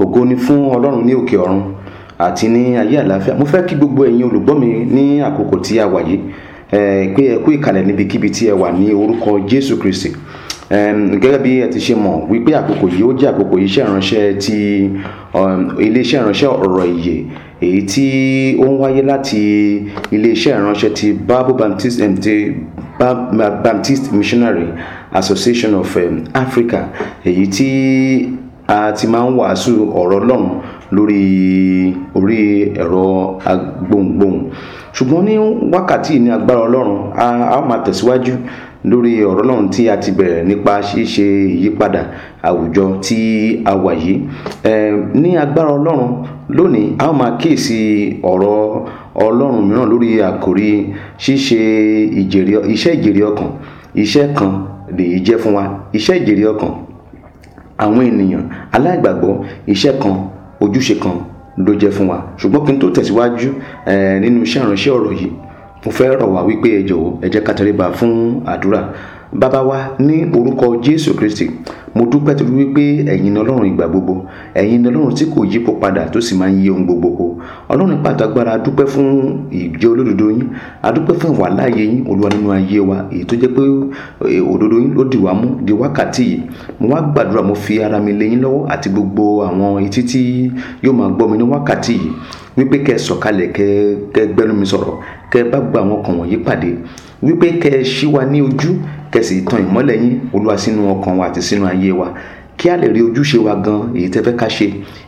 ògo ni fún ọlọ́run ní òkè ọ̀run àti ní ayé àlàáfíà mo fẹ́ kí gbogbo ẹ̀yin olùgbọ́ mi ní àkókò tí a wà yìí pé ẹ kú ìkàlẹ̀ níbikíbi tí ẹ wà ní orúkọ Jésù Kristi gẹ́gẹ́ bí ẹ ti ṣe mọ̀ wípé àkókò yìí ó jẹ́ àkókò iṣẹ́ ìránṣẹ́ ti iléeṣẹ́ ìránṣẹ́ ọ̀rọ̀ ìyè èyí tí ó ń wáyé láti iléeṣẹ́ ìránṣẹ́ ti Bible Baptist ti Baptist Missionary Association of Africa èyí tí a ti máa ń wàásù ọ̀rọ̀ Ọlọ́run lórí orí ẹ̀rọ agbohùngbohùn ṣùgbọ́n ní wákàtí ní agbára Ọlọ́run a ó máa tẹ̀síwájú lórí ọ̀rọ̀ Ọlọ́run tí a ti bẹ̀rẹ̀ nípa ṣíṣe ìyípadà àwùjọ tí a wà yìí ní agbára Ọlọ́run lónìí a ó máa kíyèsí ọ̀rọ̀ Ọlọ́run mìíràn lórí àkòrí ṣíṣe iṣẹ́ ìjèrè ọkàn iṣẹ́ kan lèyí jẹ́ fún wa iṣẹ́ ìjèrè ọkàn àwọn ènìyàn aláìgbàgbọ́ iṣẹ́ kan ojúṣe kan ló jẹ́ fún wa ṣùgbọ́n kí n tó tẹ̀síwájú nínú iṣẹ́ ìránṣẹ́ ọ̀rọ̀ yìí mo fẹ́ rọ̀ wá wípé ẹ jọ̀wọ́ ẹ jẹ́ ká fún àdúrà bàbá wa ní orúkọ jésù kristi mo dúpẹ́ torí wípé ẹ̀yin ni ọlọ́run ìgbà gbogbo ẹ̀yin ni ọlọ́run tí kò yípo padà tó sì máa ń yí ohun gbogbo kó ọlọ́run pàtó agbára adúpẹ́ fún ìjẹ́ olódodo yín adúpẹ́ fún ìwà láàyè yín olúwa nínú ayé wa èyí tó jẹ́ pé e, òdodo yín ló dì wá mú di wákàtí yìí mo wá gbàdúrà mo fi ara mi lé yín lọ́wọ́ àti gbogbo àwọn etí tí yóò máa gbọ́ mi ní wákàtí yìí wípé kẹ́ sọ̀kalẹ̀ kẹ́ kẹ́ gbẹ́numi sọ̀rọ̀ kẹ́ bá gba àwọn ọkàn wọ̀nyí pàdé wípé kẹ́ ṣí wa ní ojú kẹ́ sì tan ìmọ́lẹ̀ yín olúwa sínú ọkàn wa àti sínú ayé wa kí a lè rí ojúṣe wa gan èyí tẹ́ fẹ́ ká ṣe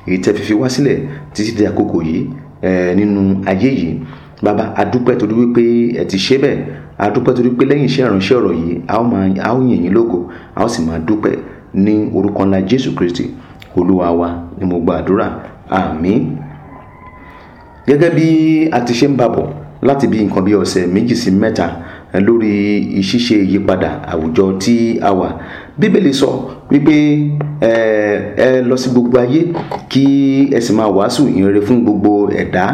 èyí tẹ́ fi fi wá sílẹ̀ títí di àkókò yìí nínú ayé yìí bàbá adúpẹ́ torí wípé ẹ ti ṣe bẹ́ẹ̀ adúpẹ́ torí pé lẹ́yìn iṣẹ́ ìránṣẹ́ ọ̀rọ̀ yìí a ó máa a ó yìn yín lógo a ó sì máa dúpẹ́ ní orúkọ ńlá Jésù Kristi olúwa wa ni mo gba àdúrà àmín gẹ́gẹ́ bí a ti ṣe ń bàbọ̀ láti bí nǹkan bí ọ̀sẹ̀ méjì sí mẹ́ta eh, lórí ìṣíṣe ìyípadà àwùjọ tí a wà bíbélì sọ wípé ẹ eh, ẹ lọ sí gbogbo ayé kí ẹ sì máa wàásù ìhìnrere fún gbogbo ẹ̀dá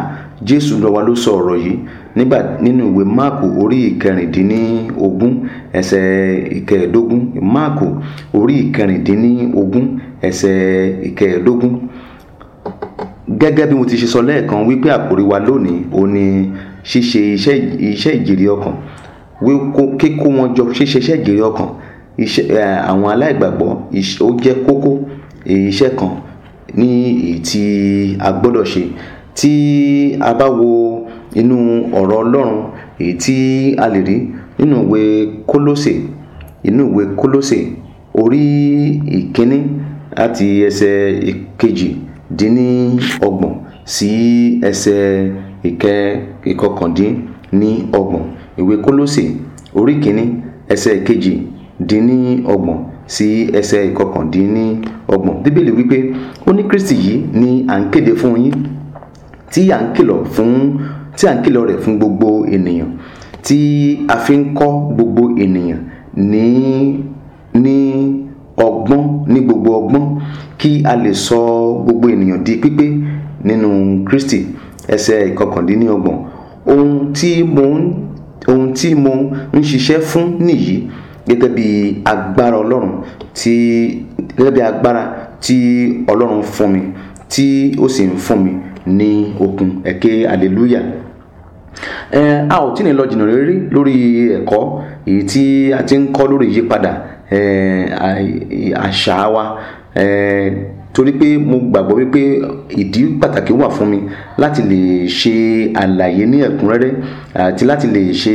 jésù lọ́wọ́ ló sọ ọ̀rọ̀ yìí nígbà nínú ìwé máàkù orí ìkẹrìndínlógún ẹsẹ̀ ìkẹẹ̀ẹ́dógún máàkù orí ìkẹrìndínlógún ẹsẹ̀ ìkẹẹ̀ẹ́dógún gẹ́gẹ́ bí mo ti ṣe sọ lẹ́ẹ̀kan wípé àkòrí wa lónìí ò ní ṣíṣe iṣẹ́ iṣẹ́ ìjèrè ọkàn kíkó wọn jọ ṣíṣe iṣẹ́ ìjèrè ọkàn iṣẹ́ àwọn aláìgbàgbọ́ ó jẹ́ kókó iṣẹ́ kan ní tí a gbọ́dọ̀ ṣe tí a bá wo inú ọ̀rọ̀ Ọlọ́run èyí tí a lè rí nínú ìwé Kólósè inú ìwé Kólósè orí ìkíní láti ẹsẹ̀ ìkejì dín ní ọgbọ̀n sí ẹsẹ̀ ìkẹ́ ìkọkàndín ní ọgbọ̀n. Ìwé Kólósè orí kìíní ẹsẹ̀ ìkejì dín ní ọgbọ̀n sí ẹsẹ̀ ìkọkàndín ní ọgbọ̀n. Bíbélì wípé ó ní Kristi yìí ni à ń kéde fún yín tí à ń kìlọ̀ fún tí à ń kìlọ̀ rẹ̀ fún gbogbo ènìyàn tí a fi ń kọ́ gbogbo ènìyàn ní ní ọgbọ́n ní gbogbo ọgbọ́n kí a lè sọ gbogbo ènìyàn di pípé nínú Kristi ẹsẹ̀ ìkọkàndínlọ́gbọ̀n ohun tí mo ń ohun tí mo ń ṣiṣẹ́ fún nìyí gẹ́gẹ́ bí agbára Ọlọ́run tí gẹ́gẹ́ bí agbára tí Ọlọ́run fún mi tí ó sì ń fún mi ní okun ẹ̀kẹ́ hallelujah ẹ a ò tí ì ní lọ jìnnà réré lórí ẹ̀kọ́ èyí tí a ti ń kọ́ lórí ìyípadà Eh, àṣà wa eh, torí pé mo gbàgbọ́ wípé ìdí pàtàkì wà fún mi láti lè ṣe àlàyé ní ẹ̀kúnrẹ́rẹ́ àti láti lè ṣe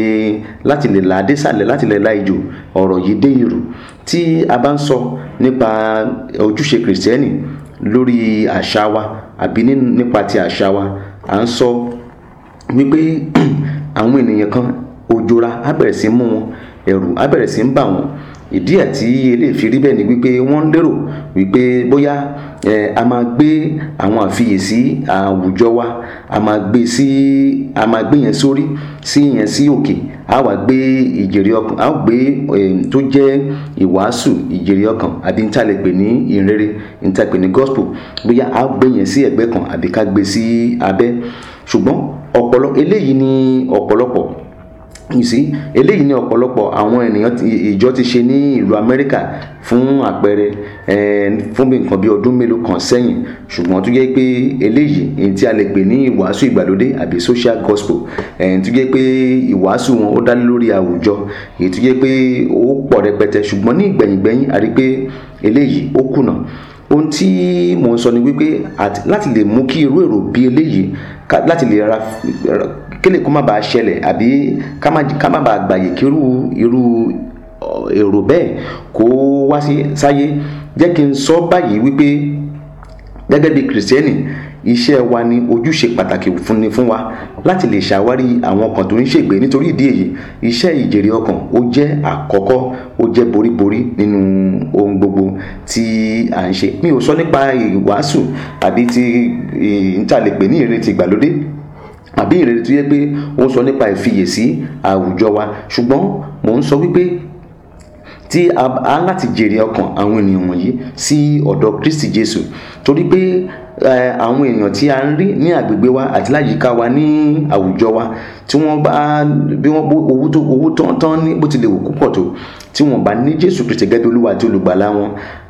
láti lè là désàlẹ̀ láti lè la ìjò ọ̀rọ̀ yìí dé ìrù tí a bá ń sọ nípa ojúṣe kìrìsìtẹ́nì lórí àṣà wa àbí nípa ti àṣà wa à ń sọ wípé àwọn ènìyàn kan òjòra á bẹ̀rẹ̀ sí mú wọn ẹ̀rù á bẹ̀rẹ̀ sí ń bà wọ́n ìdí ẹ̀ tí eléyìí fi rí bẹ́ẹ̀ ni wípé wọ́n ń lérò wípé bóyá a máa gbé àwọn àfiyèsí àwùjọ wa a máa gbé sí a máa gbé yẹn sórí sí yẹn sí òkè a wà gbé ìjèrè ọkàn a gbé tó jẹ́ ìwàásù ìjèrè ọkàn àbí níta lè pè ní ìrere níta lè pè ní gospel bóyá a gbé yẹn sí ẹ̀gbẹ́ kan àbí ká gbé sí abẹ́ ṣùgbọ́n ọ̀pọ̀lọpọ̀ eléyìí ni ọ̀pọ̀lọpọ̀ you see eléyìí ni ọ̀pọ̀lọpọ̀ àwọn ènìyàn ìjọ ti ṣe ní ìlú Amẹ́ríkà fún àpẹẹrẹ fún bí nǹkan bí ọdún mélòó kan sẹ́yìn ṣùgbọ́n tó jẹ́ pé eléyìí èyí tí a lè pè ní ìwàásù ìgbàlódé àbí social gospel èyí tó jẹ́ pé ìwàásù wọn ó dá lórí àwùjọ èyí tó jẹ́ pé ó pọ̀ rẹpẹtẹ ṣùgbọ́n ní ìgbẹ̀yìngbẹ̀yìn a pé eléyìí ó kùnà ohun tí mò ń sọ ni wípé láti lè mú kí irú èrò bí eléyìí láti lè kélé kó má bàa ṣẹlẹ̀ àbí ká má bàa gbàyè kírú irú èrò bẹ́ẹ̀ kó wá sí sáyé jẹ́ kí n sọ báyìí wípé gẹ́gẹ́ bí kìrìsìtẹ́nì iṣẹ́ wa ni ojúṣe pàtàkì fún ni fún wa láti lè ṣàwárí àwọn ọkàn tó ń ṣègbè nítorí ìdí èyí iṣẹ́ ìjèrè ọkàn ó jẹ́ àkọ́kọ́ ó jẹ́ boríborí nínú ohun gbogbo tí à ń ṣe mi ò sọ nípa ìwàásù tàbí ti ìntàlẹ́pẹ̀ ní ìrètí ìgbàlódé àbí ìrere tó yẹ pé ó ń sọ nípa ìfiyèsí àwùjọ wa ṣùgbọ́n mò ń sọ wípé tí a láti jèrè ọkàn àwọn ènìyàn wọ̀nyí sí ọ̀dọ̀ Kristi Jésù torí pé àwọn èèyàn tí a ń rí ní agbègbè wa àti láyìíká wa ní àwùjọ wa tí wọ́n bá bí wọ́n bó owó tán tán ní bó tilẹ̀ wù púpọ̀ tó tí wọ́n bá ní Jésù Kristi gẹ́gẹ́ olúwa àti olùgbàlà wọn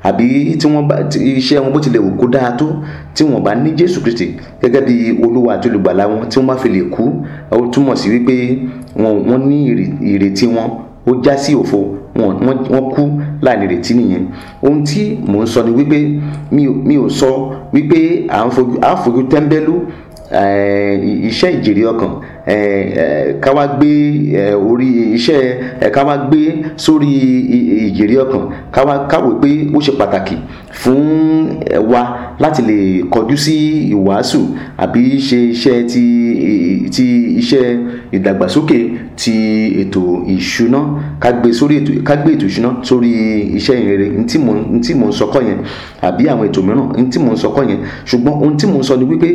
àbí tí wọ́n bá iṣẹ́ wọn bó tilẹ̀ wù kó dáa tó tí wọ́n bá ní Jésù Kristi gẹ́gẹ́ bí olúwa àti olùgbàlà wọn tí wọ́n bá fi lè kú ó túmọ̀ sí wípé wọ́n ní ìrètí wọn ó já sí òfo wọ́n kú láìnírètí nìyẹn ohun tí mò ń sọ ni wípé mi ò sọ wípé à ń fojú tẹ́ńbẹ́lú eh, iṣẹ́ ìjèrè ọkàn ká wá gbé orí iṣẹ́ ká wá gbé sórí ìjèrè ọkàn ká wá káwé pé ó ṣe pàtàkì fún eh, wa láti lè kọjú sí ìwàásù àbí ṣe iṣẹ́ ti ti iṣẹ́ ìdàgbàsókè ti ètò ìṣúná ká gbé sórí ètò ká gbé ètò ìṣúná sórí iṣẹ́ ìrere ntí mò ntí mò ń sọkọ yẹn àbí àwọn ètò mìíràn ntí mò ń sọkọ yẹn ṣùgbọ́n ohun tí mò ń sọ ni wípé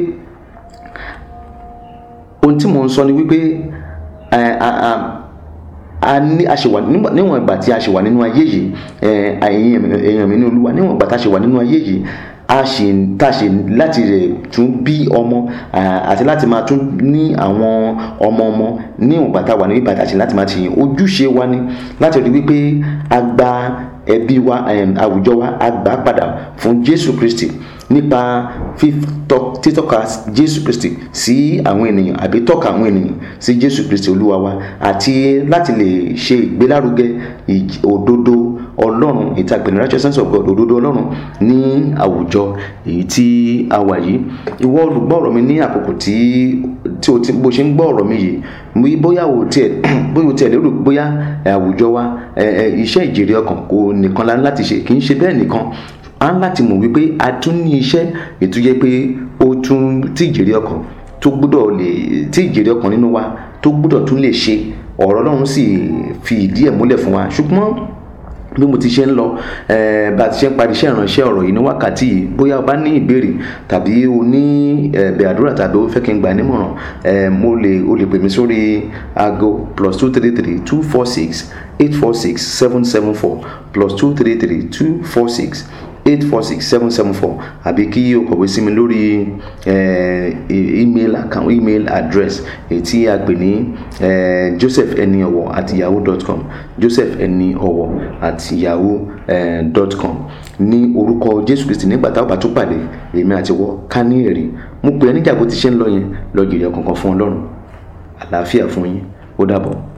ohun tí mò ń sọ ni wípé a ní a ṣe wà níwọ̀n ìgbà tí a ṣe wà nínú ayé yìí ẹ̀yin èèyàn mi ní olúwa níwọ̀n ìgbà tá a ṣe wà nínú ayé yìí a ṣe tá a ṣe láti lè tún bí ọmọ àti láti máa tún ní àwọn ọmọ ọmọ ní ìwọ̀nba tá a wà ní ìbàdàn àti láti máa ṣe ojúṣe wa ni láti rí wípé a gba ẹbí wa àwùjọ wa a gbà padà fún Jésù Kristi nípa títọ́ka jésù kristi sí àwọn ènìyàn àbí tọ́ka àwọn ènìyàn sí jésù kristi olúwa wa àti láti lè ṣe ìgbélárugẹ òdodo ọlọ́run ètò àgbẹ̀ni sense of God òdodo ọlọ́run ní àwùjọ èyí tí a wà yìí ìwọ olùgbọ́ ọ̀rọ̀ mi ní àkókò tí tí o ti bó ṣe ń gbọ́ ọ̀rọ̀ mi yìí bóyá o tiẹ̀ bóyá o tiẹ̀ lérò bóyá àwùjọ wa iṣẹ́ ìjèrè ọkàn kò nìkan láti ṣe kì í ṣe bẹ́ẹ̀ nìkan a ń láti mọ̀ wípé a tún ní iṣẹ́ ètúyẹ pé ó tún tí ìjèrè ọkàn tó gbúdọ̀ lè tí ìjèrè ọkàn nínú wa tó gbúdọ̀ tún lè ṣe ọ̀rọ̀ ọlọ́run sì fi ìdí ẹ̀ múlẹ̀ fún wa ṣùgbọ́n bí mo ti ṣe ń lọ eh, bá a ti ṣe ń parí iṣẹ́ ìránṣẹ́ ọ̀rọ̀ yìí ní wákàtí yìí bóyá o bá ní ìbéèrè tàbí o ní ẹ̀bẹ̀ eh, àdúrà tàbí o fẹ́ kí n gbà nímọ̀ràn eh, mo lè o lè pè mí sórí aago plus two three three two four six eight four six seven seven four plus two three three two four six eight four six seven seven four àbí kí o kọ̀wé sí mi lórí eh, email account email address èyí tí a pè ní eh, joseph ẹni at yahoo dot com joseph ẹni at yahoo eh, dot com ní orúkọ jésù kristi nígbà táwọn bá tún pàdé èmi àti wọ ká ní èrè mo pè é níjà bó ti ṣe ń lọ yẹn lọ jèrè ọkàn kan fún ọlọ́run àlàáfíà fún yín ó dàbọ̀.